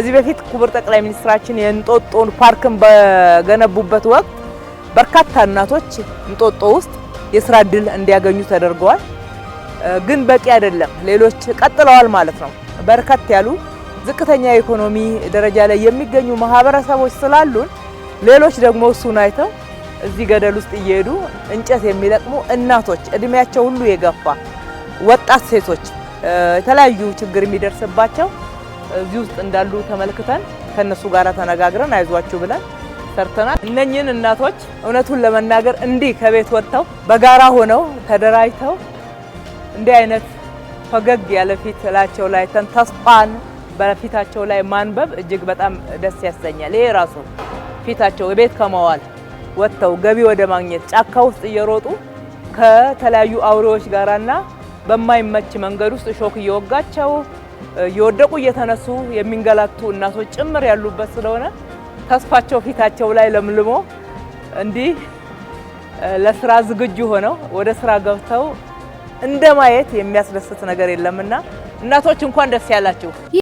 ከዚህ በፊት ክቡር ጠቅላይ ሚኒስትራችን የእንጦጦን ፓርክን በገነቡበት ወቅት በርካታ እናቶች እንጦጦ ውስጥ የስራ እድል እንዲያገኙ ተደርገዋል። ግን በቂ አይደለም። ሌሎች ቀጥለዋል ማለት ነው። በርከት ያሉ ዝቅተኛ የኢኮኖሚ ደረጃ ላይ የሚገኙ ማህበረሰቦች ስላሉን ሌሎች ደግሞ እሱን አይተው እዚህ ገደል ውስጥ እየሄዱ እንጨት የሚለቅሙ እናቶች፣ እድሜያቸው ሁሉ የገፋ ወጣት ሴቶች የተለያዩ ችግር የሚደርስባቸው እዚህ ውስጥ እንዳሉ ተመልክተን ከነሱ ጋር ተነጋግረን አይዟችሁ ብለን ሰርተናል። እነኚህን እናቶች እውነቱን ለመናገር እንዲህ ከቤት ወጥተው በጋራ ሆነው ተደራጅተው እንዲህ አይነት ፈገግ ያለ ፊት ላቸው ላይ ተስፋን በፊታቸው ላይ ማንበብ እጅግ በጣም ደስ ያሰኛል። ይሄ ራሱ ፊታቸው ቤት ከመዋል ወጥተው ገቢ ወደ ማግኘት ጫካ ውስጥ እየሮጡ ከተለያዩ አውሬዎች ጋራና በማይመች መንገድ ውስጥ እሾክ እየወጋቸው እየወደቁ እየተነሱ የሚንገላቱ እናቶች ጭምር ያሉበት ስለሆነ ተስፋቸው ፊታቸው ላይ ለምልሞ እንዲህ ለስራ ዝግጁ ሆነው ወደ ስራ ገብተው እንደማየት የሚያስደስት ነገር የለምና እናቶች እንኳን ደስ ያላችሁ።